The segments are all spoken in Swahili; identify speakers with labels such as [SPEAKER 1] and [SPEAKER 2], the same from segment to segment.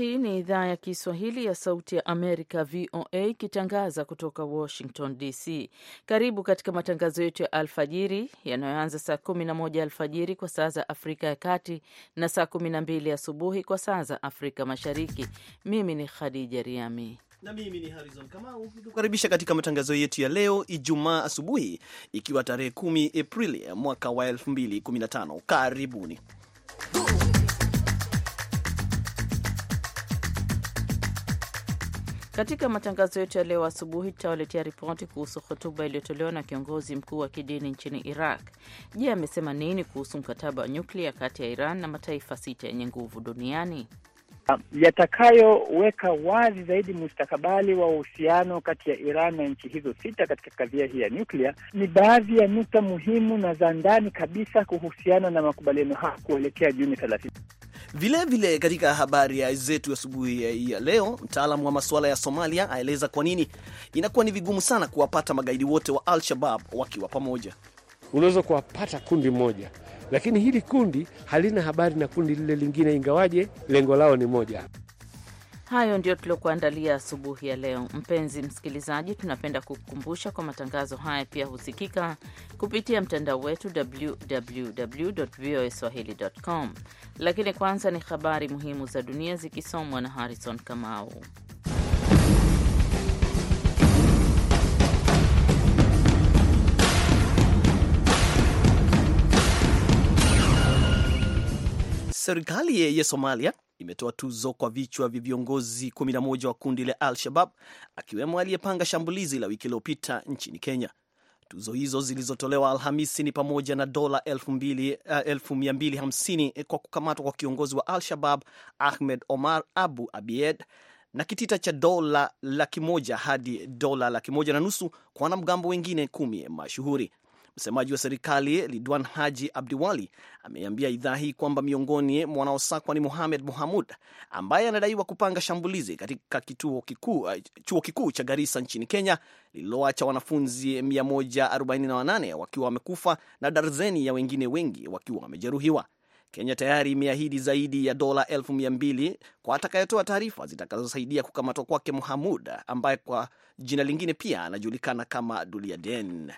[SPEAKER 1] Hii ni idhaa ya Kiswahili ya Sauti ya Amerika, VOA, ikitangaza kutoka Washington DC. Karibu katika matangazo yetu ya alfajiri yanayoanza saa 11 alfajiri kwa saa za Afrika ya Kati na saa 12 asubuhi kwa saa za Afrika Mashariki. Mimi ni
[SPEAKER 2] Khadija Riami na mimi ni Harrison Kamau nikukaribisha katika matangazo yetu ya leo Ijumaa asubuhi, ikiwa tarehe 10 Aprili mwaka wa 2015. Karibuni.
[SPEAKER 1] Katika matangazo yetu ya leo asubuhi, tutawaletea ripoti kuhusu hotuba iliyotolewa na kiongozi mkuu wa kidini nchini Iraq. Je, amesema nini kuhusu mkataba wa nyuklia kati ya Iran na mataifa sita yenye nguvu duniani?
[SPEAKER 3] Ah, yatakayoweka wazi zaidi mustakabali wa uhusiano kati ya Iran na nchi hizo sita katika kadhia hii ya nyuklia. Ni baadhi ya nukta muhimu na za ndani kabisa kuhusiana na makubaliano hayo
[SPEAKER 2] kuelekea Juni thelathini. Vilevile, katika habari zetu asubuhi ya, ya leo, mtaalamu wa masuala ya Somalia aeleza kwa nini inakuwa ni vigumu sana kuwapata magaidi wote wa Al Shabab wakiwa pamoja unaweza
[SPEAKER 4] kuwapata kundi moja, lakini hili kundi halina habari na kundi lile lingine, ingawaje lengo lao ni moja.
[SPEAKER 1] Hayo ndio tuliokuandalia asubuhi ya leo. Mpenzi msikilizaji, tunapenda kukukumbusha kwa matangazo haya pia husikika kupitia mtandao wetu www voa swahili com. Lakini kwanza ni habari muhimu za dunia zikisomwa na Harrison Kamau.
[SPEAKER 2] Serikali ya Somalia imetoa tuzo kwa vichwa vya viongozi 11 wa kundi la Al-Shabab akiwemo aliyepanga shambulizi la wiki iliyopita nchini Kenya. Tuzo hizo zilizotolewa Alhamisi ni pamoja na dola 250 eh, eh, kwa kukamatwa kwa kiongozi wa Al-Shabab Ahmed Omar Abu Abied na kitita cha dola laki moja hadi dola laki moja na nusu kwa wanamgambo wengine kumi mashuhuri. Msemaji wa serikali Lidwan Haji Abdiwali ameambia idhaa hii kwamba miongoni mwa wanaosakwa ni muhamed muhamud ambaye anadaiwa kupanga shambulizi katika kituo kiku, eh, chuo kikuu cha Garisa nchini Kenya lililoacha wanafunzi 148 wakiwa wamekufa na darzeni ya wengine wengi wakiwa wamejeruhiwa. Kenya tayari imeahidi zaidi ya dola elfu mia mbili kwa atakayetoa taarifa zitakazosaidia kukamatwa kwake muhamud ambaye kwa jina lingine pia anajulikana kama Dulia Den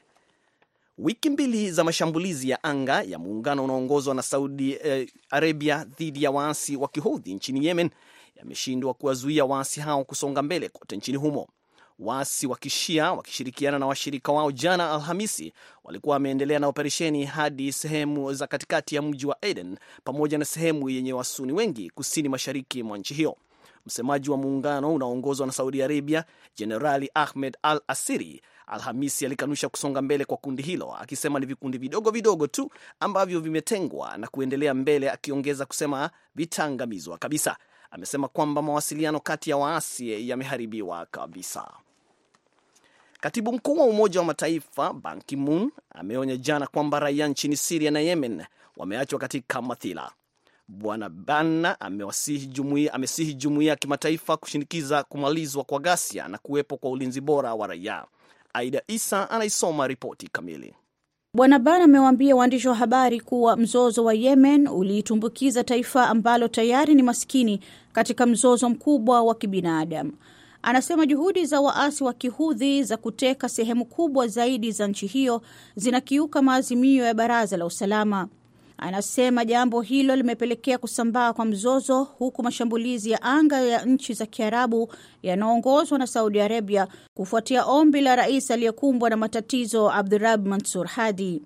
[SPEAKER 2] wiki mbili za mashambulizi ya anga ya muungano unaoongozwa na Saudi eh, Arabia dhidi ya waasi wa kihudhi nchini Yemen yameshindwa kuwazuia waasi hao kusonga mbele kote nchini humo. Waasi wa kishia wakishirikiana na washirika wao jana Alhamisi walikuwa wameendelea na operesheni hadi sehemu za katikati ya mji wa Aden pamoja na sehemu yenye wasuni wengi kusini mashariki mwa nchi hiyo. Msemaji wa muungano unaoongozwa na Saudi Arabia, Jenerali Ahmed Al Asiri, Alhamisi alikanusha kusonga mbele kwa kundi hilo, akisema ni vikundi vidogo vidogo tu ambavyo vimetengwa na kuendelea mbele, akiongeza kusema vitaangamizwa kabisa. Amesema kwamba mawasiliano kati ya waasi yameharibiwa kabisa. Katibu mkuu wa Umoja wa Mataifa Ban Ki-moon ameonya jana kwamba raia nchini Siria na Yemen wameachwa katika mathila. Bwana Ban amesihi jumuia ya kimataifa kushinikiza kumalizwa kwa ghasia na kuwepo kwa ulinzi bora wa raia. Aida Isa anaisoma ripoti kamili.
[SPEAKER 5] Bwana Ban amewaambia waandishi wa habari kuwa mzozo wa Yemen uliitumbukiza taifa ambalo tayari ni maskini katika mzozo mkubwa wa kibinadamu. Anasema juhudi za waasi wa kihudhi za kuteka sehemu kubwa zaidi za nchi hiyo zinakiuka maazimio ya Baraza la Usalama. Anasema jambo hilo limepelekea kusambaa kwa mzozo, huku mashambulizi ya anga ya nchi za Kiarabu yanaongozwa na Saudi Arabia kufuatia ombi la rais aliyekumbwa na matatizo Abdurab Mansur Hadi.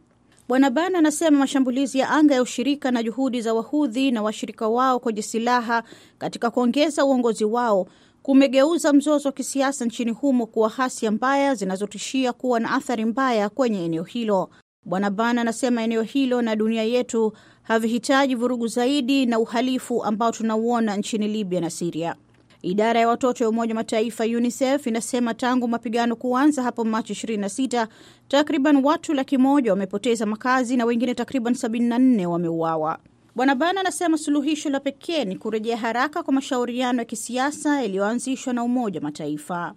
[SPEAKER 5] Bwana ban anasema mashambulizi ya anga ya ushirika na juhudi za Wahudhi na washirika wao kwenye silaha katika kuongeza uongozi wao kumegeuza mzozo wa kisiasa nchini humo kuwa hasia mbaya zinazotishia kuwa na athari mbaya kwenye eneo hilo. Bwana Ban anasema eneo hilo na dunia yetu havihitaji vurugu zaidi na uhalifu ambao tunauona nchini Libya na Siria. Idara ya watoto ya Umoja wa Mataifa UNICEF inasema tangu mapigano kuanza hapo Machi 26 takriban watu laki moja wamepoteza makazi na wengine takriban 74 wameuawa. Bwana Ban anasema suluhisho la pekee ni kurejea haraka kwa mashauriano ya kisiasa yaliyoanzishwa na Umoja wa Mataifa.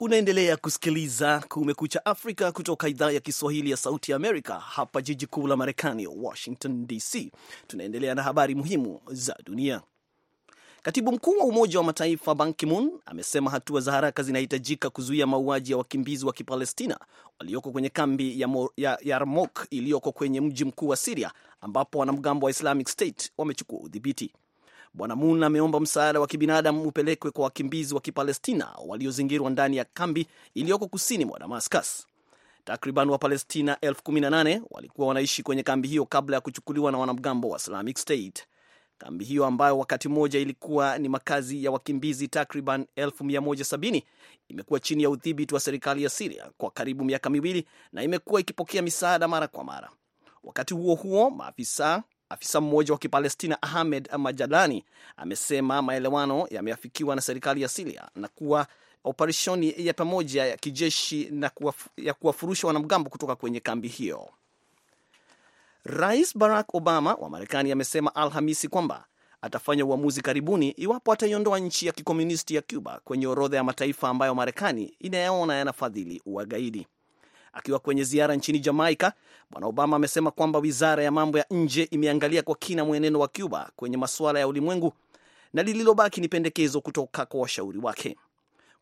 [SPEAKER 2] Unaendelea kusikiliza Kumekucha Afrika kutoka idhaa ya Kiswahili ya Sauti ya Amerika, hapa jiji kuu la Marekani, Washington DC. Tunaendelea na habari muhimu za dunia. Katibu mkuu wa Umoja wa Mataifa Ban Ki-moon amesema hatua za haraka zinahitajika kuzuia mauaji ya wakimbizi wa Kipalestina walioko kwenye kambi ya, ya Yarmouk iliyoko kwenye mji mkuu wa Siria ambapo wanamgambo wa Islamic State wamechukua udhibiti. Bwana Moon ameomba msaada wa kibinadamu upelekwe kwa wakimbizi wa Kipalestina waliozingirwa ndani ya kambi iliyoko kusini mwa Damascus. Takriban Wapalestina 18 walikuwa wanaishi kwenye kambi hiyo kabla ya kuchukuliwa na wanamgambo wa Islamic State. Kambi hiyo ambayo wakati mmoja ilikuwa ni makazi ya wakimbizi takriban 170 imekuwa chini ya udhibiti wa serikali ya Siria kwa karibu miaka miwili na imekuwa ikipokea misaada mara kwa mara. Wakati huo huo, maafisa Afisa mmoja wa Kipalestina Ahmed majadani amesema maelewano yameafikiwa na serikali ya Siria na kuwa operesheni ya pamoja ya kijeshi na kuwaf, ya kuwafurusha wanamgambo kutoka kwenye kambi hiyo. Rais Barack Obama wa Marekani amesema Alhamisi kwamba atafanya uamuzi karibuni iwapo ataiondoa nchi ya kikomunisti ya Cuba kwenye orodha ya mataifa ambayo Marekani inayaona yanafadhili ugaidi. Akiwa kwenye ziara nchini Jamaika, Bwana Obama amesema kwamba wizara ya mambo ya nje imeangalia kwa kina mwenendo wa Cuba kwenye masuala ya ulimwengu na lililobaki ni pendekezo kutoka kwa washauri wake.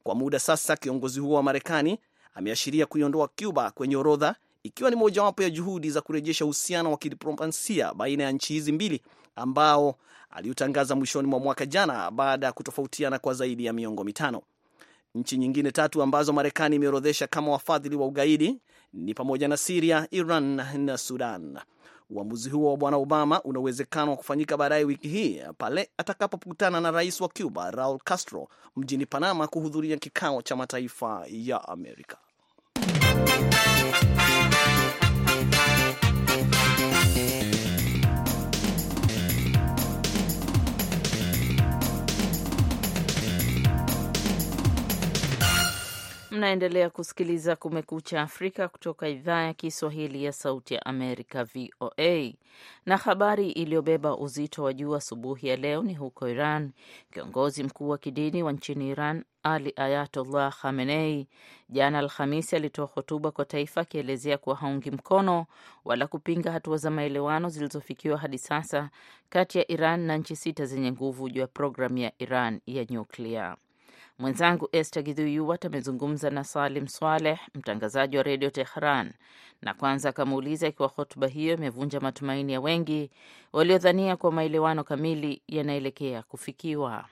[SPEAKER 2] Kwa muda sasa, kiongozi huo wa Marekani ameashiria kuiondoa Cuba kwenye orodha ikiwa ni mojawapo ya juhudi za kurejesha uhusiano wa kidiplomasia baina ya nchi hizi mbili ambao aliutangaza mwishoni mwa mwaka jana baada ya kutofautiana kwa zaidi ya miongo mitano. Nchi nyingine tatu ambazo Marekani imeorodhesha kama wafadhili wa ugaidi ni pamoja na Siria, Iran na Sudan. Uamuzi huo wa Bwana Obama una uwezekano wa kufanyika baadaye wiki hii pale atakapokutana na rais wa Cuba Raul Castro mjini Panama kuhudhuria kikao cha mataifa ya Amerika.
[SPEAKER 1] Mnaendelea kusikiliza Kumekucha Afrika kutoka idhaa ya Kiswahili ya Sauti ya Amerika, VOA. Na habari iliyobeba uzito wa juu asubuhi ya leo ni huko Iran. Kiongozi mkuu wa kidini wa nchini Iran, Ali Ayatollah Khamenei, jana Alhamisi, alitoa hotuba kwa taifa akielezea kuwa haungi mkono wala kupinga hatua za maelewano zilizofikiwa hadi sasa kati ya Iran na nchi sita zenye nguvu juu ya programu ya Iran ya nyuklia. Mwenzangu Esther Gidhuyuwat amezungumza na Salim Swaleh, mtangazaji wa redio Tehran, na kwanza akamuuliza ikiwa hotuba hiyo imevunja matumaini ya wengi waliodhania kwa maelewano kamili yanaelekea kufikiwa.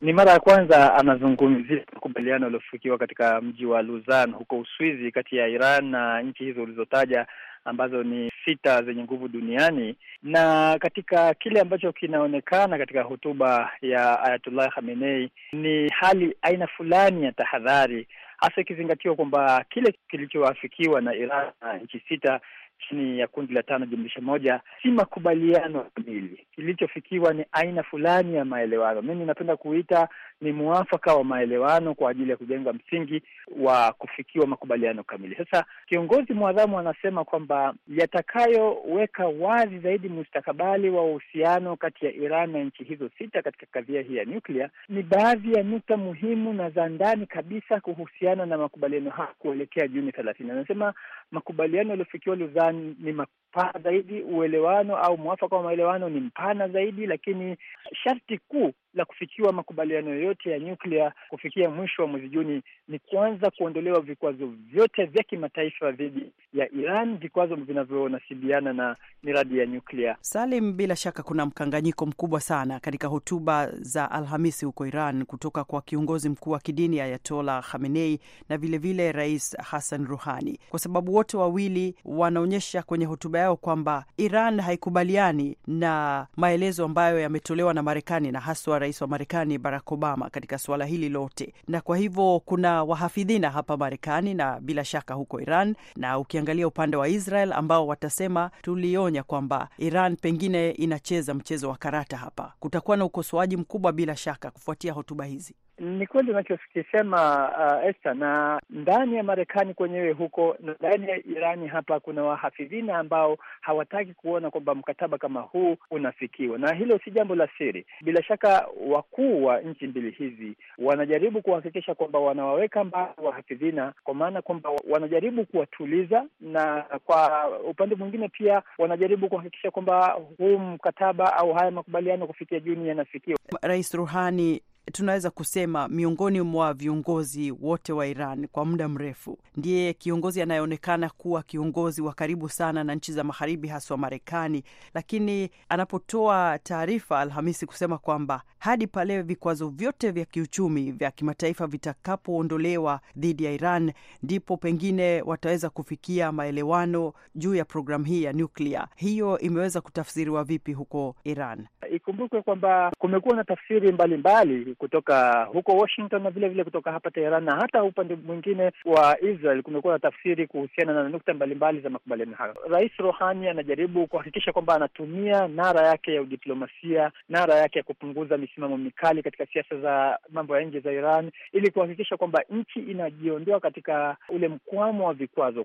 [SPEAKER 3] Ni mara ya kwanza anazungumzia makubaliano yaliyofikiwa katika mji wa luzan huko Uswizi, kati ya Iran na nchi hizo ulizotaja ambazo ni sita zenye nguvu duniani, na katika kile ambacho kinaonekana katika hotuba ya Ayatullah Khamenei ni hali aina fulani ya tahadhari, hasa ikizingatiwa kwamba kile kilichoafikiwa na Iran na nchi sita chini ya kundi la tano jumlisha moja si makubaliano kamili. Kilichofikiwa ni aina fulani ya maelewano, mimi napenda kuita ni mwafaka wa maelewano kwa ajili ya kujenga msingi wa kufikiwa makubaliano kamili. Sasa kiongozi mwadhamu anasema kwamba yatakayoweka wazi zaidi mustakabali wa uhusiano kati ya Iran na nchi hizo sita katika kadhia hii ya nyuklia ni baadhi ya nukta muhimu na za ndani kabisa kuhusiana na makubaliano hayo kuelekea Juni thelathini. Anasema makubaliano yaliyofikiwa Lausanne ni pana zaidi. Uelewano au mwafaka wa maelewano ni mpana zaidi, lakini sharti kuu la kufikiwa makubaliano yoyote ya nyuklia kufikia mwisho wa mwezi Juni ni kuanza kuondolewa vikwazo vyote vya kimataifa dhidi ya Iran, vikwazo vinavyonasibiana na miradi ya nyuklia.
[SPEAKER 6] Salim, bila shaka kuna mkanganyiko mkubwa sana katika hotuba za Alhamisi huko Iran kutoka kwa kiongozi mkuu wa kidini ayatola Khamenei na vilevile vile Rais Hassan Ruhani, kwa sababu wote wawili wanaonyesha kwenye hotuba yao kwamba Iran haikubaliani na maelezo ambayo yametolewa na Marekani na haswa rais wa Marekani Barack Obama katika suala hili lote, na kwa hivyo kuna wahafidhina hapa Marekani na bila shaka huko Iran, na ukiangalia upande wa Israel ambao watasema tulionya kwamba Iran pengine inacheza mchezo wa karata hapa. Kutakuwa na ukosoaji mkubwa bila shaka kufuatia hotuba hizi.
[SPEAKER 3] Ni kweli unachokisema uh, Esther, na ndani ya Marekani kwenyewe huko na ndani ya Irani hapa kuna wahafidhina ambao hawataki kuona kwamba mkataba kama huu unafikiwa, na hilo si jambo la siri. Bila shaka wakuu wa nchi mbili hizi wanajaribu kuhakikisha kwamba wanawaweka mbali wahafidhina, kwa maana kwamba wanajaribu kuwatuliza, na kwa upande mwingine pia wanajaribu kuhakikisha kwamba huu mkataba au
[SPEAKER 6] haya makubaliano kufikia Juni yanafikiwa. Rais Ruhani tunaweza kusema miongoni mwa viongozi wote wa Iran kwa muda mrefu, ndiye kiongozi anayeonekana kuwa kiongozi wa karibu sana na nchi za Magharibi, haswa Marekani. Lakini anapotoa taarifa Alhamisi kusema kwamba hadi pale vikwazo vyote vya kiuchumi vya kimataifa vitakapoondolewa dhidi ya Iran, ndipo pengine wataweza kufikia maelewano juu ya programu hii ya nyuklia. Hiyo imeweza kutafsiriwa vipi huko Iran?
[SPEAKER 3] Ikumbukwe kwamba kumekuwa na tafsiri mbalimbali mbali kutoka huko Washington na vile vile kutoka hapa Teheran, na hata upande mwingine wa Israel kumekuwa na tafsiri kuhusiana na nukta mbalimbali za makubaliano hayo. Rais Rohani anajaribu kuhakikisha kwamba anatumia nara yake ya udiplomasia, nara yake ya kupunguza misimamo mikali katika siasa za mambo ya nje za Iran ili kuhakikisha kwamba nchi inajiondoa katika ule mkwamo wa vikwazo.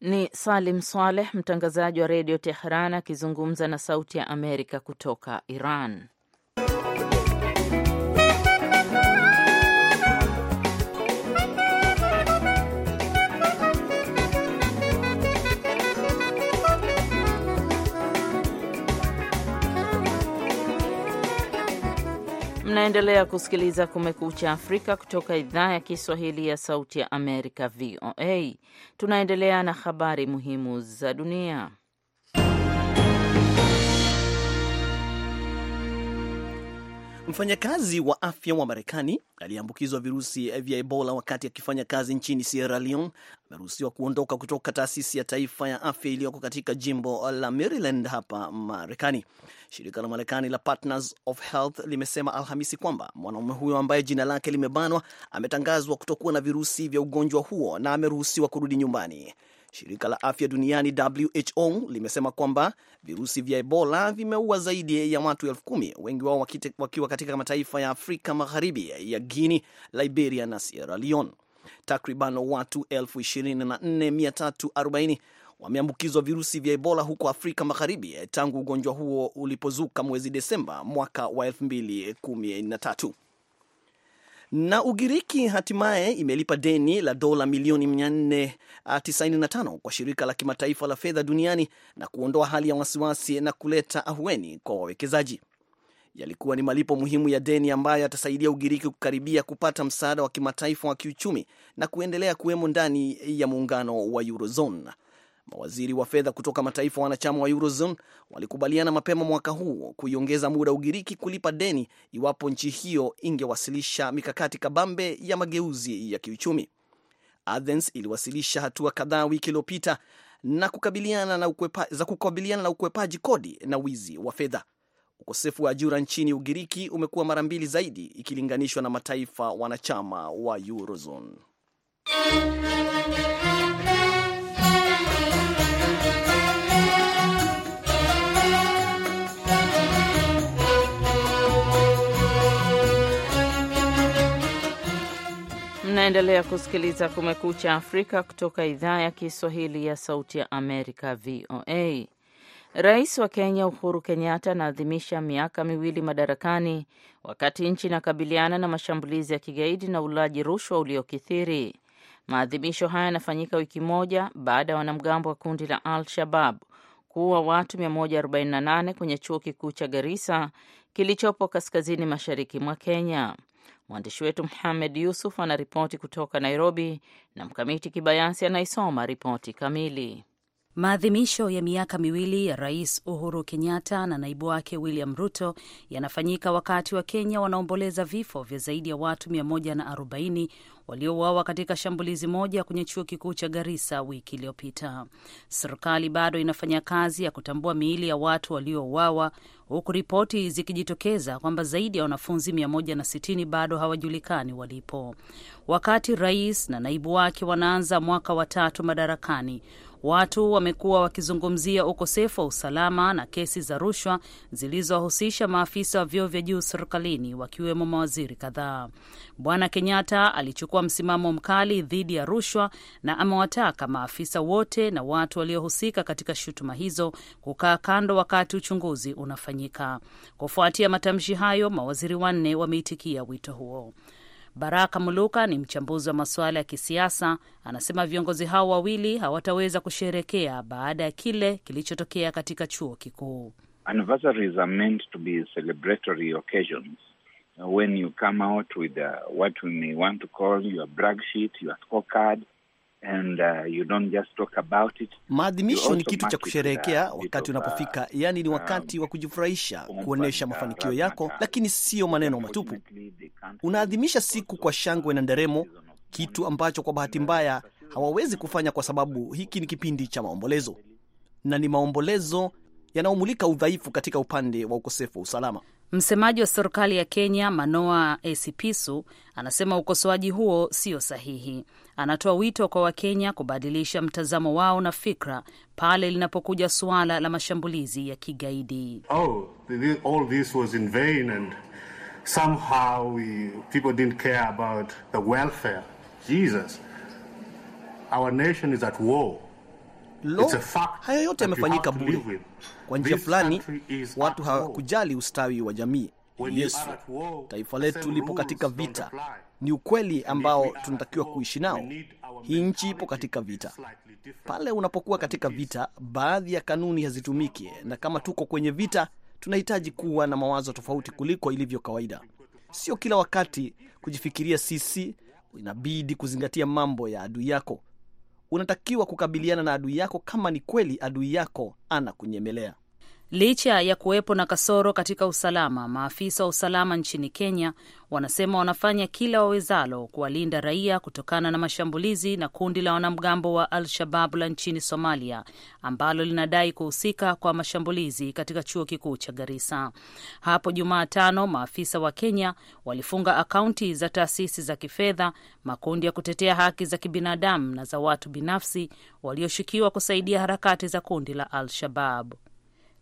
[SPEAKER 1] Ni Salim Swaleh, mtangazaji wa redio Tehran akizungumza na Sauti ya Amerika kutoka Iran. Mnaendelea kusikiliza Kumekucha Afrika kutoka idhaa ya Kiswahili ya Sauti ya Amerika, VOA. Tunaendelea na habari muhimu za dunia.
[SPEAKER 2] Mfanyakazi wa afya wa Marekani aliyeambukizwa virusi vya Ebola wakati akifanya kazi nchini Sierra Leone ameruhusiwa kuondoka kutoka taasisi ya taifa ya afya iliyoko katika jimbo la Maryland hapa Marekani. Shirika la Marekani la Partners of Health limesema Alhamisi kwamba mwanaume huyo ambaye jina lake limebanwa ametangazwa kutokuwa na virusi vya ugonjwa huo na ameruhusiwa kurudi nyumbani. Shirika la afya duniani WHO limesema kwamba virusi vya Ebola vimeua zaidi ya watu elfu kumi, wengi wao wakiwa katika mataifa ya Afrika Magharibi ya Guinea, Liberia na Sierra Leone. Takriban watu 24340 wameambukizwa virusi vya Ebola huko Afrika Magharibi eh, tangu ugonjwa huo ulipozuka mwezi Desemba mwaka wa 2013. Na Ugiriki hatimaye imelipa deni la dola milioni 495 ah, kwa shirika la kimataifa la fedha duniani na kuondoa hali ya wasiwasi na kuleta ahueni kwa wawekezaji. Yalikuwa ni malipo muhimu ya deni ambayo yatasaidia Ugiriki kukaribia kupata msaada wa kimataifa wa kiuchumi na kuendelea kuwemo ndani ya muungano wa Eurozone. Mawaziri wa fedha kutoka mataifa wanachama wa Eurozone walikubaliana mapema mwaka huu kuiongeza muda Ugiriki kulipa deni iwapo nchi hiyo ingewasilisha mikakati kabambe ya mageuzi ya kiuchumi. Athens iliwasilisha hatua kadhaa wiki iliyopita na kukabiliana na ukwepa, za kukabiliana na ukwepaji kodi na wizi wa fedha. Ukosefu wa ajira nchini Ugiriki umekuwa mara mbili zaidi ikilinganishwa na mataifa wanachama wa Eurozone.
[SPEAKER 1] Mnaendelea kusikiliza Kumekucha Afrika kutoka idhaa ya Kiswahili ya Sauti ya Amerika, VOA. Rais wa Kenya Uhuru Kenyatta anaadhimisha miaka miwili madarakani wakati nchi inakabiliana na mashambulizi ya kigaidi na ulaji rushwa uliokithiri. Maadhimisho haya yanafanyika wiki moja baada ya wanamgambo wa kundi la Al-Shabab kuua watu 148 kwenye chuo kikuu cha Garissa kilichopo kaskazini mashariki mwa Kenya. Mwandishi wetu mhamed Yusuf anaripoti kutoka Nairobi na Mkamiti Kibayasi anaisoma ripoti kamili.
[SPEAKER 7] Maadhimisho ya miaka miwili ya Rais Uhuru Kenyatta na naibu wake William Ruto yanafanyika wakati wa Kenya wanaomboleza vifo vya zaidi ya watu 140 waliouawa katika shambulizi moja kwenye chuo kikuu cha Garissa wiki iliyopita. Serikali bado inafanya kazi ya kutambua miili ya watu waliouawa, huku ripoti zikijitokeza kwamba zaidi ya wanafunzi 160 bado hawajulikani walipo. Wakati rais na naibu wake wanaanza mwaka wa tatu madarakani, Watu wamekuwa wakizungumzia ukosefu wa usalama na kesi za rushwa zilizowahusisha maafisa wa vyeo vya juu serikalini wakiwemo mawaziri kadhaa. Bwana Kenyatta alichukua msimamo mkali dhidi ya rushwa na amewataka maafisa wote na watu waliohusika katika shutuma hizo kukaa kando wakati uchunguzi unafanyika. Kufuatia matamshi hayo, mawaziri wanne wameitikia wito huo. Baraka Muluka ni mchambuzi wa masuala ya kisiasa, anasema viongozi hao wawili hawataweza kusherekea baada ya kile kilichotokea katika chuo kikuu.
[SPEAKER 8] Anniversaries are meant to be celebratory occasions when you come out with a, uh, what we may want to call your brag sheet, your scorecard And, uh, you don't just talk
[SPEAKER 2] about it. Maadhimisho ni kitu cha kusherehekea uh, wakati unapofika, uh, yaani ni wakati um, wa kujifurahisha, kuonyesha uh, mafanikio yako, lakini siyo maneno matupu. Unaadhimisha siku kwa shangwe na nderemo, kitu ambacho kwa bahati mbaya hawawezi kufanya kwa sababu hiki ni kipindi cha maombolezo na ni maombolezo yanayomulika udhaifu katika upande wa ukosefu wa usalama.
[SPEAKER 7] Msemaji wa serikali ya Kenya Manoa Esipisu anasema ukosoaji huo sio sahihi anatoa wito kwa Wakenya kubadilisha mtazamo wao na fikra pale linapokuja suala la mashambulizi ya kigaidi.
[SPEAKER 8] Oh,
[SPEAKER 4] all this was in vain and somehow we, people didn't care
[SPEAKER 2] about the welfare. Jesus. Our nation is at war. Lo, haya yote yamefanyika bure. Kwa njia fulani, watu hawakujali ustawi wa jamii. Yesu, taifa letu lipo katika vita. Ni ukweli ambao tunatakiwa kuishi nao. Hii nchi ipo katika vita. Pale unapokuwa katika vita, baadhi ya kanuni hazitumiki, na kama tuko kwenye vita, tunahitaji kuwa na mawazo tofauti kuliko ilivyo kawaida. Sio kila wakati kujifikiria sisi, inabidi kuzingatia mambo ya adui yako. Unatakiwa kukabiliana na adui yako kama ni kweli adui yako ana kunyemelea. Licha ya kuwepo na
[SPEAKER 7] kasoro katika usalama, maafisa wa usalama nchini Kenya wanasema wanafanya kila wawezalo kuwalinda raia kutokana na mashambulizi na kundi la wanamgambo wa Al-Shabab la nchini Somalia ambalo linadai kuhusika kwa mashambulizi katika chuo kikuu cha Garissa. Hapo Jumatano, maafisa wa Kenya walifunga akaunti za taasisi za kifedha, makundi ya kutetea haki za kibinadamu na za watu binafsi walioshukiwa kusaidia harakati za kundi la Al-Shabab.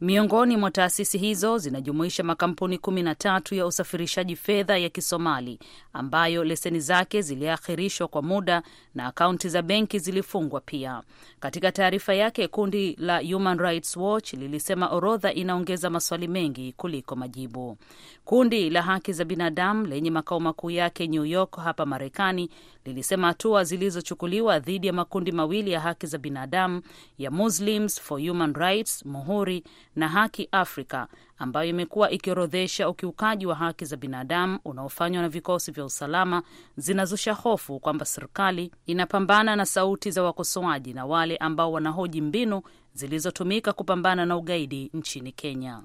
[SPEAKER 7] Miongoni mwa taasisi hizo zinajumuisha makampuni kumi na tatu ya usafirishaji fedha ya Kisomali ambayo leseni zake ziliahirishwa kwa muda na akaunti za benki zilifungwa pia. Katika taarifa yake, kundi la Human Rights Watch lilisema orodha inaongeza maswali mengi kuliko majibu. Kundi la haki za binadamu lenye makao makuu yake New York hapa Marekani lilisema hatua zilizochukuliwa dhidi ya makundi mawili ya haki za binadamu ya Muslims for Human Rights, Muhuri na Haki Afrika ambayo imekuwa ikiorodhesha ukiukaji wa haki za binadamu unaofanywa na vikosi vya usalama, zinazusha hofu kwamba serikali inapambana na sauti za wakosoaji na wale ambao wanahoji mbinu zilizotumika kupambana na ugaidi nchini Kenya.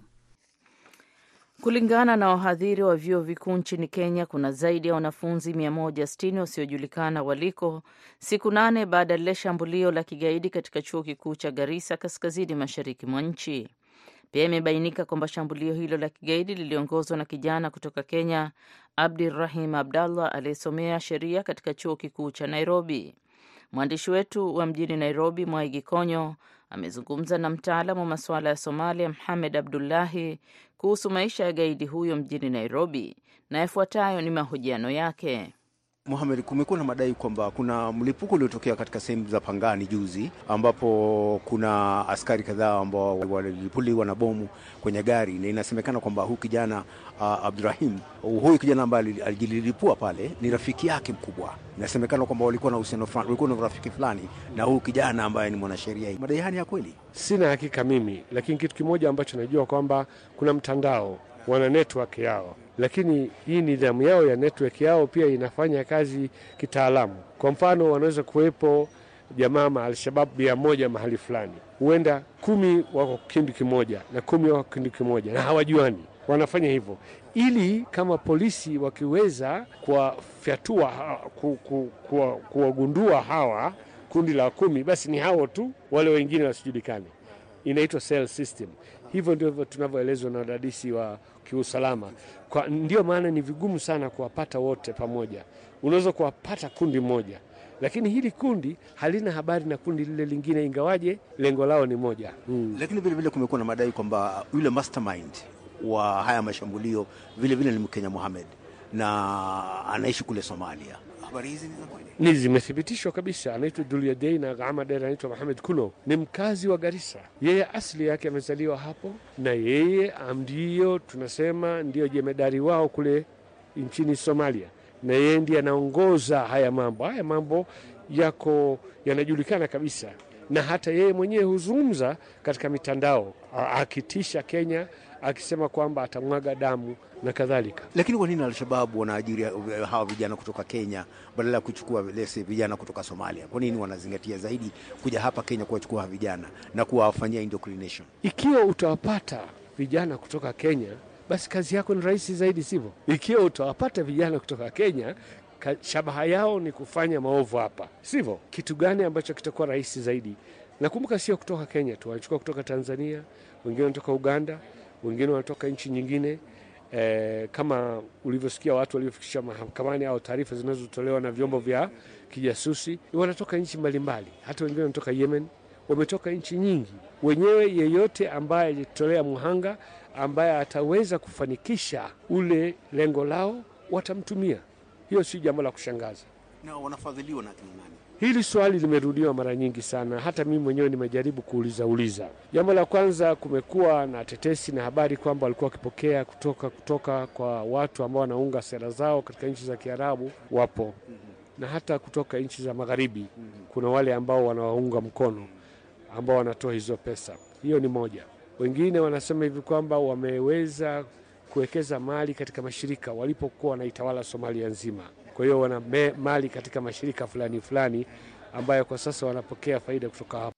[SPEAKER 1] Kulingana na wahadhiri wa vyuo vikuu nchini Kenya, kuna zaidi ya wanafunzi 160 wasiojulikana waliko siku nane baada ya lile shambulio la kigaidi katika chuo kikuu cha Garissa kaskazini mashariki mwa nchi. Pia imebainika kwamba shambulio hilo la kigaidi liliongozwa na kijana kutoka Kenya, Abdirahim Abdallah, aliyesomea sheria katika chuo kikuu cha Nairobi. Mwandishi wetu wa mjini Nairobi, Mwaigi Konyo, amezungumza na mtaalamu wa masuala ya Somalia, Mohamed Abdullahi, kuhusu maisha ya gaidi huyo mjini Nairobi, na yafuatayo ni mahojiano yake.
[SPEAKER 3] Mohamed, kumekuwa na madai kwamba kuna mlipuko uliotokea katika sehemu za Pangani juzi, ambapo kuna askari kadhaa ambao walilipuliwa na bomu kwenye gari, na inasemekana kwamba huyu kijana uh, Abdurahim, huyu kijana ambaye alijilipua pale ni rafiki yake mkubwa. Inasemekana kwamba walikuwa na uhusiano fulani, walikuwa na urafiki fulani na huyu kijana ambaye ni
[SPEAKER 4] mwanasheria. Madai haya ni ya kweli? Sina hakika mimi, lakini kitu kimoja ambacho najua kwamba kuna mtandao wana network yao, lakini hii nidhamu yao ya network yao pia inafanya kazi kitaalamu. Kwa mfano, wanaweza kuwepo jamaa maalshababu mia moja mahali fulani, huenda kumi wako kindu kimoja na kumi wako kindu kimoja na hawajuani. Wanafanya hivyo ili kama polisi wakiweza kuwafyatua ku, ku, ku, kuwagundua hawa kundi la kumi, basi ni hao tu, wale wengine wasijulikane. Inaitwa cell system. Hivyo ndivyo tunavyoelezwa na wadadisi wa kiusalama. Kwa ndio maana ni vigumu sana kuwapata wote pamoja, unaweza kuwapata kundi moja, lakini hili kundi halina habari na kundi lile lingine,
[SPEAKER 3] ingawaje lengo lao ni moja hmm. Lakini vilevile kumekuwa na madai kwamba yule mastermind wa haya mashambulio vilevile ni Mkenya Mohamed na anaishi kule Somalia habari hizi ni za kweli?
[SPEAKER 4] Ni zimethibitishwa kabisa. Anaitwa Duliadeina Amade, anaitwa Mohamed Kulo, ni mkazi wa Garissa. Yeye asili yake amezaliwa hapo, na yeye ah, ndiyo tunasema ndiyo jemedari wao kule nchini Somalia, na yeye ndiye anaongoza haya mambo. Haya mambo yako yanajulikana kabisa, na hata yeye mwenyewe huzungumza katika mitandao ah, akitisha Kenya akisema
[SPEAKER 3] kwamba atamwaga damu na kadhalika. Lakini kwa nini Alshababu wanaajiri eh, hawa vijana kutoka Kenya badala ya kuchukua lese vijana kutoka Somalia? Kwa nini wanazingatia zaidi kuja hapa Kenya kuwachukua vijana na kuwafanyia indoctrination? Ikiwa utawapata vijana kutoka Kenya,
[SPEAKER 4] basi kazi yako ni rahisi zaidi, sivyo? Ikiwa utawapata vijana kutoka Kenya, shabaha yao ni kufanya maovu hapa, sivyo? Kitu gani ambacho kitakuwa rahisi zaidi? Nakumbuka sio kutoka Kenya tu, wanachukua kutoka Tanzania, wengine wanatoka Uganda wengine wanatoka nchi nyingine. E, kama ulivyosikia watu waliofikisha mahakamani au taarifa zinazotolewa na vyombo vya kijasusi wanatoka nchi mbalimbali, hata wengine wanatoka Yemen, wametoka nchi nyingi. Wenyewe yeyote ambaye alitolea mhanga, ambaye ataweza kufanikisha ule lengo lao, watamtumia. Hiyo si jambo la kushangaza.
[SPEAKER 2] Na wanafadhiliwa na kina nani?
[SPEAKER 4] Hili swali limerudiwa mara nyingi sana, hata mimi mwenyewe nimejaribu kuuliza uliza. Jambo la kwanza, kumekuwa na tetesi na habari kwamba walikuwa wakipokea kutoka kutoka kwa watu ambao wanaunga sera zao katika nchi za Kiarabu, wapo na hata kutoka nchi za Magharibi kuna wale ambao wanawaunga mkono ambao wanatoa hizo pesa. Hiyo ni moja. Wengine wanasema hivi kwamba wameweza kuwekeza mali katika mashirika walipokuwa wanaitawala Somalia nzima. Kwa hiyo wana mali katika mashirika fulani fulani ambayo kwa sasa wanapokea faida kutoka hapo.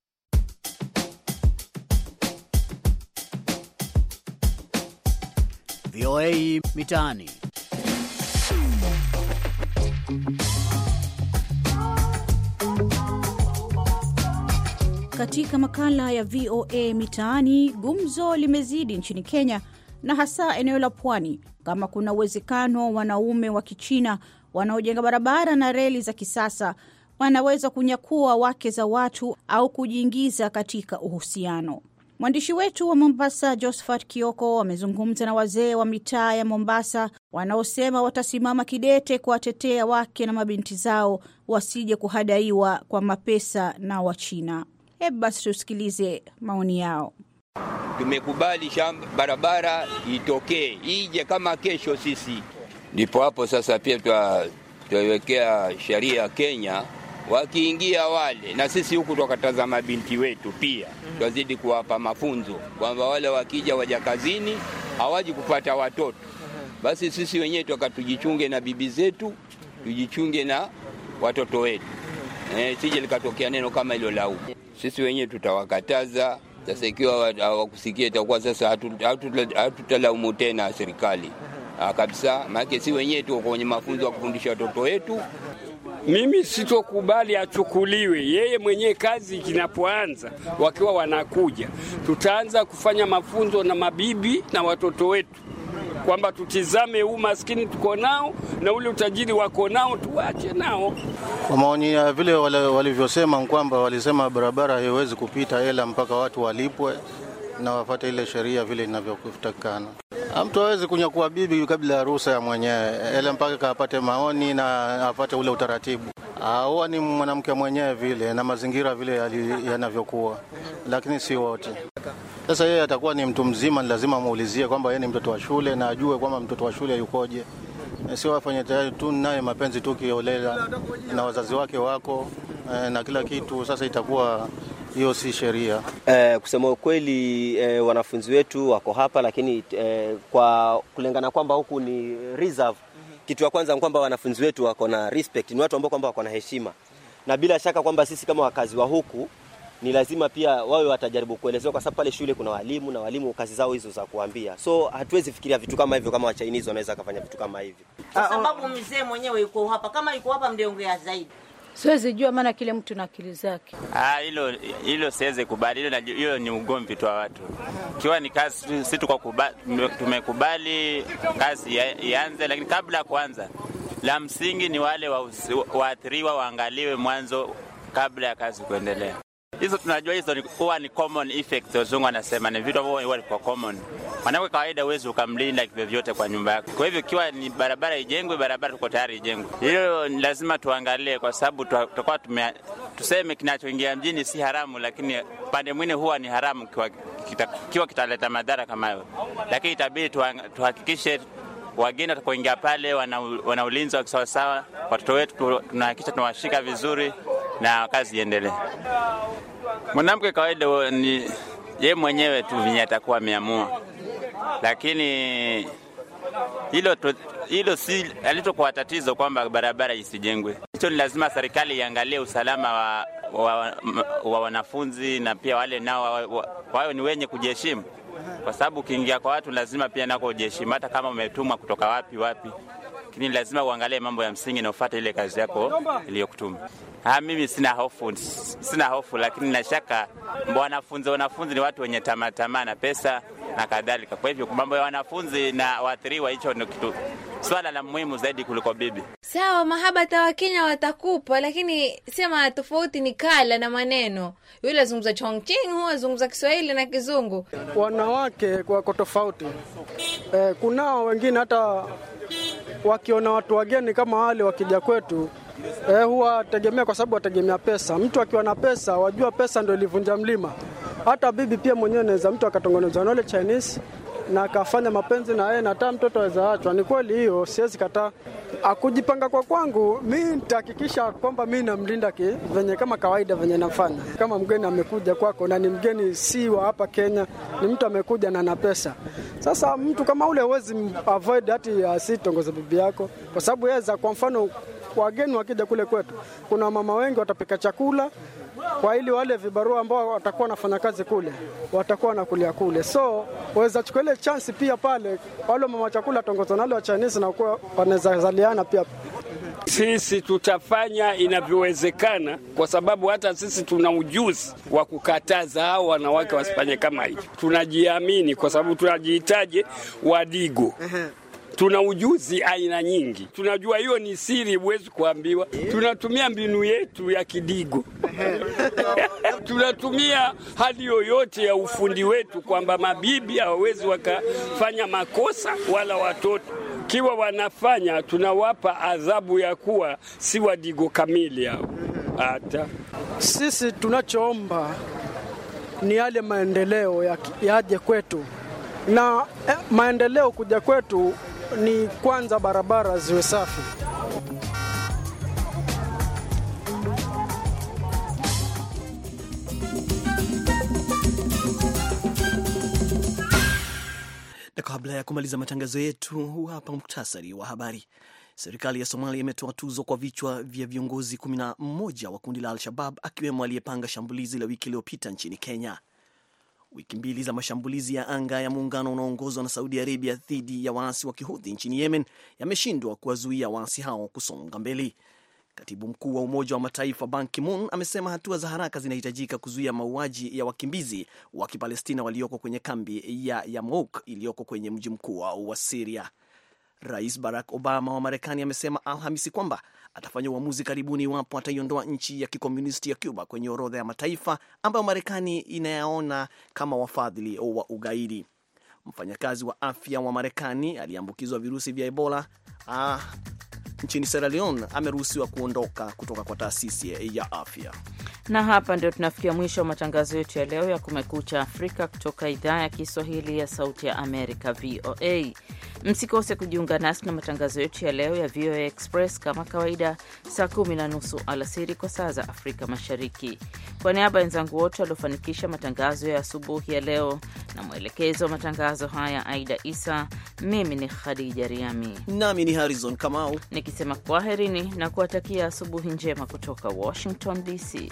[SPEAKER 5] VOA Mitaani. Katika makala ya VOA Mitaani, gumzo limezidi nchini Kenya na hasa eneo la pwani, kama kuna uwezekano wanaume wa Kichina wanaojenga barabara na reli za kisasa wanaweza kunyakua wake za watu au kujiingiza katika uhusiano. Mwandishi wetu wa Mombasa, Josephat Kioko, amezungumza na wazee wa mitaa ya Mombasa wanaosema watasimama kidete kuwatetea wake na mabinti zao wasije kuhadaiwa kwa mapesa na Wachina. Hebu basi tusikilize maoni yao.
[SPEAKER 8] Tumekubali shamba, barabara itokee ije kama kesho sisi Ndipo hapo sasa pia twaiwekea sheria ya Kenya, wakiingia wale na sisi huku twakataza mabinti wetu pia mm. twazidi kuwapa mafunzo kwamba wale wakija waja kazini hawaji kupata watoto. Mm-hmm. Basi sisi wenyewe tujichunge na bibi zetu, mm-hmm. tujichunge na watoto wetu, mm-hmm. eh, sije likatokea neno kama hilo la huku. Sisi wenyewe tutawakataza sasa. Ikiwa hawakusikia itakuwa sasa hatutalaumu hatu, hatu tena serikali. Ah, kabisa, maanake si wenyewe tu kwenye mafunzo ya kufundisha watoto wetu. Mimi sitokubali achukuliwe yeye mwenyewe. Kazi kinapoanza
[SPEAKER 4] wakiwa wanakuja, tutaanza kufanya mafunzo na mabibi na watoto wetu kwamba tutizame huu maskini tuko nao na ule utajiri wako nao, tuwache nao.
[SPEAKER 3] Kwa maoni ya vile walivyosema, kwamba walisema barabara haiwezi kupita hela mpaka watu walipwe na wafate ile sheria vile inavyotakikana. Ah, mtu hawezi kunyakua bibi kabla ya ruhusa ya mwenyewe, ile mpaka apate maoni na apate ule utaratibu. Ah, huwa ni mwanamke mwenyewe vile na mazingira vile yanavyokuwa, lakini si wote. Sasa yeye atakuwa ni mtu mzima, ni lazima muulizie kwamba yeye ni mtoto wa shule na ajue kwamba mtoto wa shule yukoje, eh, sio afanye tayari tu naye mapenzi tu kiolela na wazazi wake wako eh, na kila kitu. Sasa itakuwa hiyo si sheria eh. Kusema ukweli eh, wanafunzi wetu wako hapa lakini eh,
[SPEAKER 2] kwa kulingana kwamba huku ni reserve mm -hmm. Kitu ya kwanza kwamba wanafunzi wetu wako na respect, ni watu ambao kwamba wako na heshima mm -hmm. Na bila shaka kwamba sisi kama wakazi wa huku ni lazima pia wawe watajaribu kuelezewa, kwa sababu pale shule kuna walimu na walimu kazi zao hizo za kuambia, so hatuwezi fikiria vitu kama hivyo, kama Wachinizi wanaweza kafanya vitu kama hivyo,
[SPEAKER 5] kwa sababu mzee mwenyewe yuko hapa. Kama yuko hapa, mdeongea zaidi Siwezi jua, maana kile mtu na akili zake.
[SPEAKER 8] Ah, hilo hilo siwezi kubali hilo, hiyo ni ugomvi tu wa watu. Ikiwa ni kazi, si tumekubali kazi ianze, lakini kabla ya kuanza, la msingi ni wale waathiriwa waangaliwe mwanzo kabla ya kazi kuendelea. Hizo tunajua hizo huwa ni common effects, wazungu wanasema ni vitu ambavyo huwa ni common Mwanamke kawaida huwezi ukamlinda kivyovyote kwa nyumba yako. Kwa hivyo ikiwa ni barabara ijengwe, barabara tuko tayari ijengwe. Hilo lazima tuangalie, kwa sababu tutakuwa tume, tuseme kinachoingia mjini si haramu, lakini upande mwingine huwa ni haramu kiwa kitaleta madhara kama hayo, lakini itabidi tuhakikishe wageni watakaoingia pale wana, wana ulinzi wa kisawasawa. Watoto wetu tunahakikisha tunawashika vizuri na kazi iendelee. Mwanamke kawaida ni yeye mwenyewe tu venye atakuwa ameamua lakini hilo hilo si alitokuwa tatizo kwamba barabara isijengwe. Hicho ni lazima serikali iangalie usalama wa, wa, wa wanafunzi na pia wale nao wao wa, ni wenye kujiheshimu, kwa sababu ukiingia kwa watu lazima pia nako ujiheshimu, hata kama umetumwa kutoka wapi wapi lakini lazima uangalie mambo ya msingi na ufuate ile kazi yako iliyokutuma. Ha, ah, mimi sina hofu, sina hofu, lakini nashaka wanafunzi, wanafunzi ni watu wenye tamatamaa na pesa na kadhalika. Kwa hivyo mambo ya wanafunzi na waathiriwa, hicho ndio kitu swala la muhimu zaidi kuliko bibi.
[SPEAKER 1] Sawa, mahabata wa Kenya watakupa, lakini sema tofauti ni kala na maneno. Yule azungumza chongching, huwa azungumza Kiswahili na Kizungu.
[SPEAKER 9] Wanawake wako tofauti eh, kunao wengine hata wakiona watu wageni kama wale wakija kwetu eh, huwa tegemea kwa sababu wategemea pesa. Mtu akiwa na pesa, wajua pesa ndio ilivunja mlima. Hata bibi pia mwenyewe naweza mtu akatongonezwa na Chinese na akafanya mapenzi na yeye na hata mtoto aweza achwa. Ni kweli hiyo, siwezi kataa. Akujipanga kwa kwangu, mi nitahakikisha kwamba mi namlinda venye kama kawaida venye nafanya. Kama mgeni amekuja kwako na ni mgeni si wa hapa Kenya, ni mtu amekuja na na pesa sasa mtu kama ule hawezi avoid hati asitongoze bibi yako, kwa sababu yeza. Kwa mfano, wageni wakija kule kwetu, kuna mama wengi watapika chakula kwa ili wale vibarua ambao watakuwa wanafanya kazi kule watakuwa wanakulia kule, so waweza chukua ile chance pia pale, wale mama chakula watongoza nalo wa Chinese na kuwa wanaweza zaliana pia sisi
[SPEAKER 4] tutafanya inavyowezekana, kwa sababu hata sisi tuna ujuzi wa kukataza hao wanawake wasifanye kama hivi. Tunajiamini kwa sababu tunajihitaji wadigo tuna ujuzi aina nyingi, tunajua hiyo ni siri, huwezi kuambiwa. Tunatumia mbinu yetu ya kidigo tunatumia hali yoyote ya ufundi wetu, kwamba mabibi hawawezi wakafanya makosa wala watoto ikiwa wanafanya tunawapa adhabu ya kuwa si wadigo kamili hao. Hata
[SPEAKER 9] sisi tunachoomba ni yale maendeleo yaje kwetu, na eh, maendeleo kuja kwetu ni kwanza barabara ziwe safi.
[SPEAKER 2] Kabla ya kumaliza matangazo yetu, huu hapa muktasari wa habari. Serikali ya Somalia imetoa tuzo kwa vichwa vya viongozi 11 wa kundi la Al-Shabab, akiwemo aliyepanga shambulizi la wiki iliyopita nchini Kenya. Wiki mbili za mashambulizi ya anga ya muungano unaoongozwa na Saudi Arabia dhidi ya waasi wa kihudhi nchini Yemen yameshindwa kuwazuia waasi hao kusonga mbele. Katibu mkuu wa Umoja wa Mataifa Ban Ki-moon amesema hatua za haraka zinahitajika kuzuia mauaji ya wakimbizi wa Kipalestina walioko kwenye kambi ya Yarmouk iliyoko kwenye mji mkuu wa Siria. Rais Barack Obama wa Marekani amesema Alhamisi kwamba atafanya uamuzi karibuni iwapo ataiondoa nchi ya kikomunisti ya Cuba kwenye orodha ya mataifa ambayo Marekani inayaona kama wafadhili wa ugaidi. Mfanyakazi wa afya wa Marekani aliyeambukizwa virusi vya Ebola ah, nchini Sierra Leone ameruhusiwa kuondoka kutoka kwa taasisi ya afya.
[SPEAKER 1] Na hapa ndio tunafikia mwisho wa matangazo yetu ya leo ya Kumekucha Afrika kutoka idhaa ya Kiswahili ya Sauti ya Amerika, VOA. Msikose kujiunga nasi na matangazo yetu ya leo ya VOA Express kama kawaida, saa kumi na nusu alasiri kwa saa za Afrika Mashariki. Kwa niaba ya wenzangu wote waliofanikisha matangazo ya asubuhi ya leo na mwelekezo wa matangazo haya Aida Isa, mimi ni Khadija Riami nami ni Harrison Kamau nikisema kwaherini na kuwatakia asubuhi njema kutoka Washington DC.